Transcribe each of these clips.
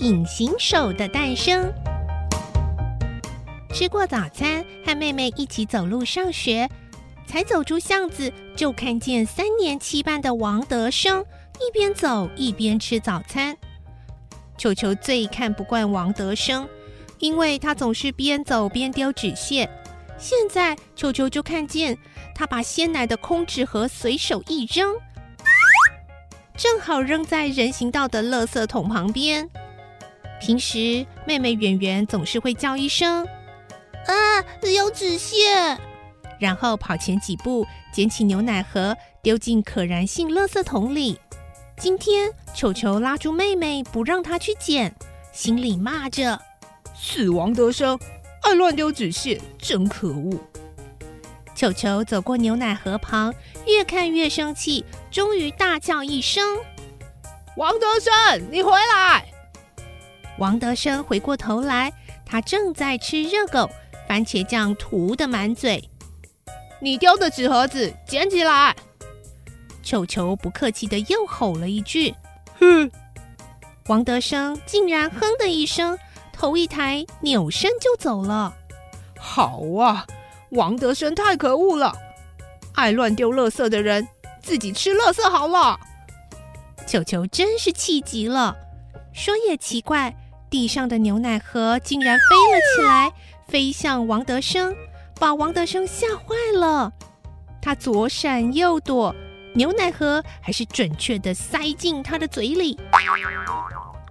隱形手的誕生。吃過早餐，和妹妹一起走路上學，才走出巷子，就看見三年七班的王得生一邊走一邊吃早餐。裘裘最看不慣王得生，因為他總是邊走邊丟紙屑。現在裘裘就看見他把鮮奶的空紙盒隨手一扔，正好扔在人行道的垃圾桶旁邊。平時，妹妹圓圓總是會叫一聲“啊，有紙屑”，然後跑前幾步撿起牛奶盒，丟進可燃性垃圾桶裡。今天，裘裘拉住妹妹，不讓她去撿，心裡罵着：“死王得生，愛亂丟紙屑，真可惡！”裘裘走過牛奶盒旁，越看越生氣，終於大叫一聲：“王得生，你回來！”王得生回過頭來，他正在吃熱狗，番茄醬塗得滿嘴。你丟的紙盒子，撿起來！裘裘不客氣的又吼了一句：“哼！”王得生竟然哼的一聲，頭一抬，扭身就走了。好啊，王得生太可惡了，愛亂丟垃圾的人，自己吃垃圾好了。裘裘真是氣急了，說也奇怪。地上的牛奶盒竟然飛了起來，飛向王得生，把王得生嚇壞了。他左閃右躲，牛奶盒還是準確的塞進他的嘴裡。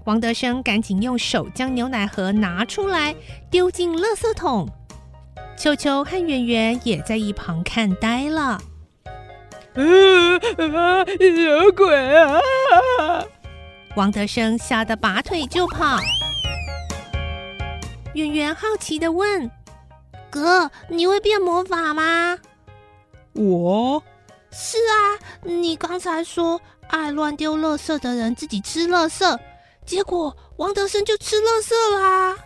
王得生趕緊用手將牛奶盒拿出來，丟進垃圾桶。裘裘和圓圓也在一旁看呆了。呃、啊、有鬼啊！王得生嚇得拔腿就跑。圓圓好奇的問：“哥，你會變魔法嗎？”“我？”“是啊，你剛才說愛亂丟垃圾的人自己吃垃圾，結果王得生就吃垃圾啦。”“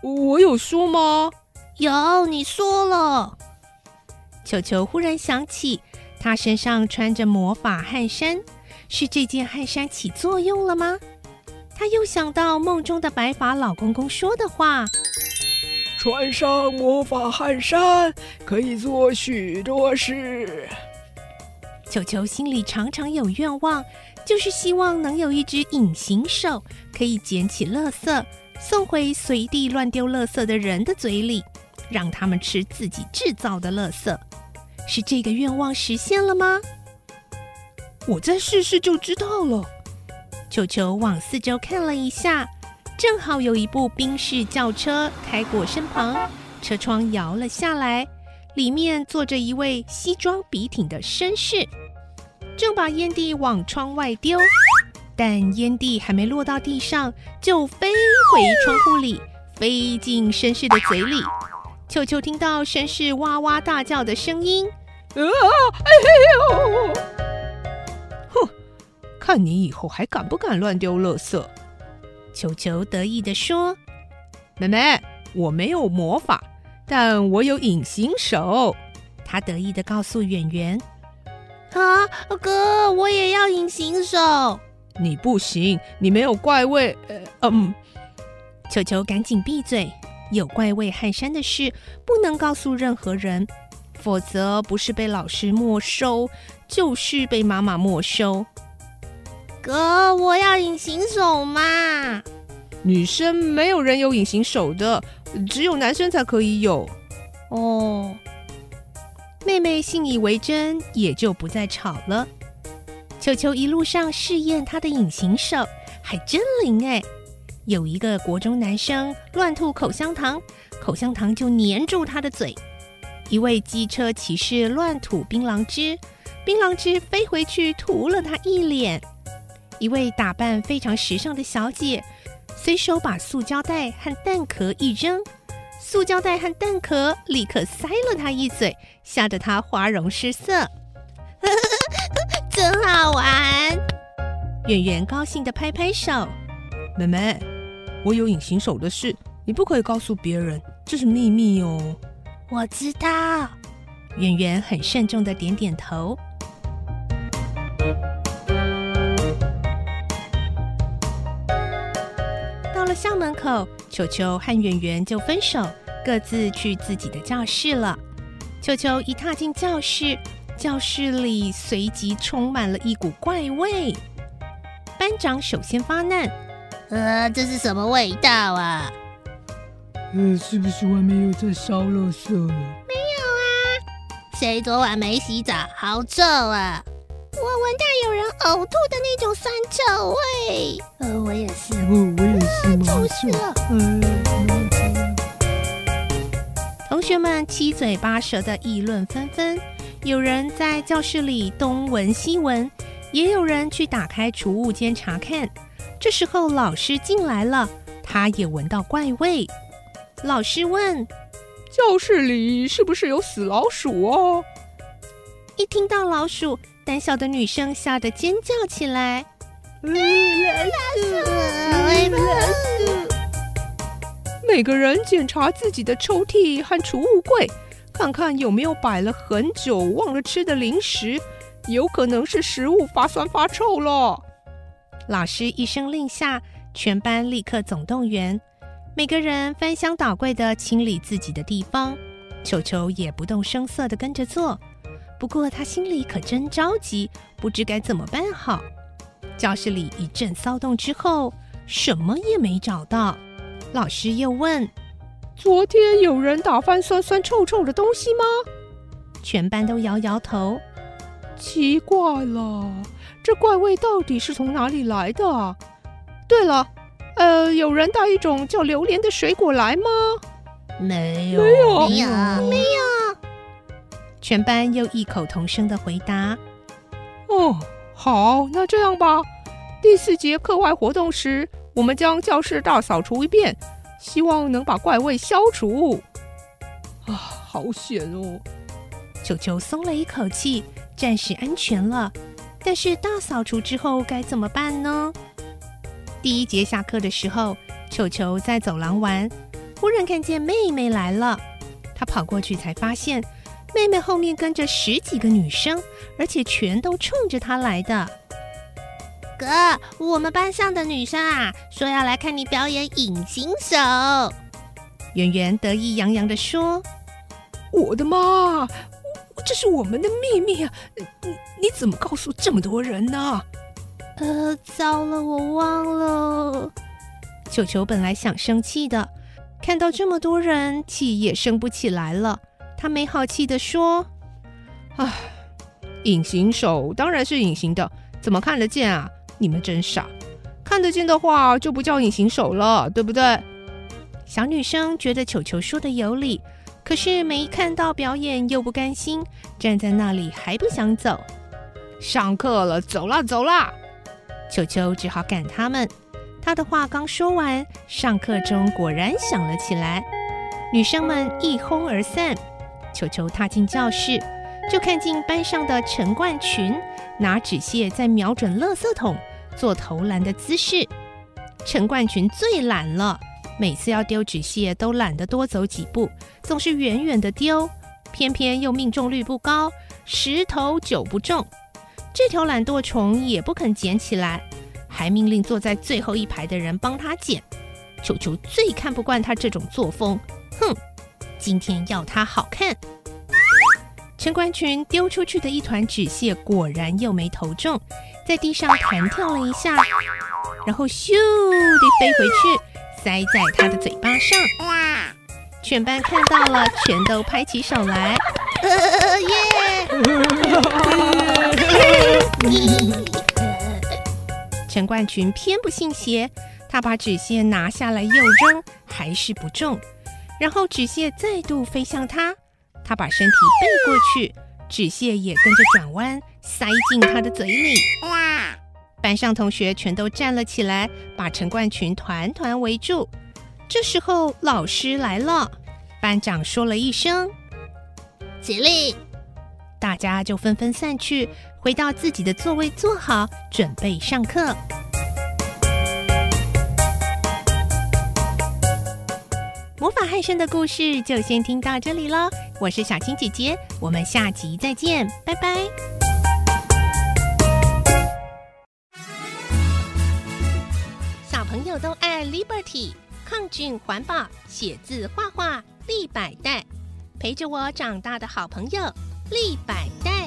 我有說嗎？”“有，你說了。”裘裘忽然想起，他身上穿着魔法汗衫，是這件汗衫起作用了嗎？他又想到夢中的白髮老公公說的話：“穿上魔法汗衫，可以做許多事。”裘裘心裡常常有願望，就是希望能有一隻隱形手，可以撿起垃圾，送回隨地亂丟垃圾的人的嘴裡，讓他們吃自己製造的垃圾。是這個願望實現了嗎？我再試試就知道了。裘裘往四周看了一下，正好有一部賓士轎車開過身旁，車窗搖了下來，裡面坐着一位西裝筆挺的紳士，正把菸蒂往窗外丟，但菸蒂還沒落到地上，就飛回窗戶裡，飛進紳士的嘴裡。裘裘聽到紳士哇哇大叫的聲音：“啊，哎嘿呦！”看你以後還敢不敢亂丟垃圾？裘裘得意的說：“妹妹，我沒有魔法，但我有隱形手。”他得意的告訴圓圓：“啊，哥，我也要隱形手。”你不行，你沒有怪味、呃。嗯，裘裘趕緊閉嘴！有怪味汗衫的事不能告訴任何人，否則不是被老師沒收，就是被媽媽沒收。呃，我要隱形手嘛！女生沒有人有隱形手的，只有男生才可以有。哦，妹妹信以為真，也就不再吵了。裘裘一路上試驗他的隱形手，還真靈哎！有一個國中男生亂吐口香糖，口香糖就黏住他的嘴；一位機車騎士亂吐檳榔汁，檳榔汁飛回去塗了他一臉。一位打扮非常時尚的小姐，隨手把塑膠袋和蛋殼一扔，塑膠袋和蛋殼立刻塞了她一嘴，嚇得她花容失色。 真好玩！圓圓高興的拍拍手。妹妹，我有隱形手的事，你不可以告訴別人，這是秘密哦。我知道。圓圓很慎重的點點頭。校門口，裘裘和圓圓就分手，各自去自己的教室了。裘裘一踏進教室，教室裡隨即充滿了一股怪味。班長首先發難：“呃，這是什麼味道啊？”“呃，是不是外面又在燒垃圾了？”“沒有啊，誰昨晚沒洗澡？好臭啊！我聞到有人嘔吐的那種酸臭味。呃”“呃，我也是，我我也是。”是、嗯嗯、同學們七嘴八舌的議論紛紛，有人在教室裡東聞西聞，也有人去打開儲物間查看。這時候老師進來了，他也聞到怪味。老師問：“教室裡是不是有死老鼠啊？”哦，一聽到老鼠，膽小的女生嚇得尖叫起來。嗯，每個人檢查自己的抽屜和儲物櫃，看看有沒有擺了很久忘了吃的零食，有可能是食物發酸發臭了。老師一聲令下，全班立刻總動員，每個人翻箱倒櫃的清理自己的地方。裘裘也不動聲色地跟着做，不過他心裡可真着急，不知該怎麼辦好。教室裡一陣騷動之後，什麼也沒找到。老師又問：“昨天有人打翻酸酸臭臭的東西嗎？”全班都搖搖頭。奇怪了，這怪味到底是從哪裡來的？對了，呃，有人帶一種叫榴蓮的水果來嗎？沒有，沒有，沒有。沒有。全班又異口同聲的回答：“哦。”好，那這樣吧，第四節課外活動時，我們將教室大掃除一遍，希望能把怪味消除。啊，好險哦！裘裘鬆了一口氣，暫時安全了。但是大掃除之後該怎麼辦呢？第一節下課的時候，裘裘在走廊玩，忽然看見妹妹來了，她跑過去才發現。妹妹後面跟着十幾個女生，而且全都衝着她來的。哥，我們班上的女生啊，說要來看你表演隱形手。圓圓得意洋洋的說：“我的媽，這是我們的秘密啊！你你怎麼告訴這麼多人呢？”呃，糟了，我忘了。裘裘本來想生氣的，看到這麼多人，氣也生不起來了。他沒好氣地說：“唉、啊，隱形手當然是隱形的，怎麼看得見啊？你們真傻，看得見的話就不叫隱形手了，對不對？”小女生覺得裘裘說的有理，可是沒看到表演又不甘心，站在那裡還不想走。上課了，走啦走啦！裘裘只好趕他們。他的話剛說完，上課鐘果然響了起來，女生們一哄而散。裘裘踏進教室，就看見班上的陳冠群拿紙屑在瞄準垃圾桶做投籃的姿勢。陳冠群最懶了，每次要丟紙屑都懶得多走幾步，總是遠遠的丟，偏偏又命中率不高，十投九不中。這條懶惰蟲也不肯撿起來，還命令坐在最後一排的人幫他撿。裘裘最看不慣他這種作風，哼！今天要他好看！陳冠群丟出去的一團紙屑果然又沒投中，在地上彈跳了一下，然後咻的飛回去，塞在他的嘴巴上。哇！全班看到了，全都拍起手來。呃、耶！陳 冠群偏不信邪，他把紙屑拿下來又扔，還是不中。然後紙屑再度飛向他，他把身體背過去，紙屑也跟着轉彎，塞進他的嘴裡。哇，班上同學全都站了起來，把陳冠群團團圍住。這時候老師來了，班長說了一聲“起立”，大家就紛紛散去，回到自己的座位坐好，準備上課。泰森的故事就先聽到這裡囉。我是小青姐姐，我們下集再見，拜拜。小朋友都愛 Liberty，抗菌環保，寫字畫畫，立百代，陪着我長大的好朋友，立百代。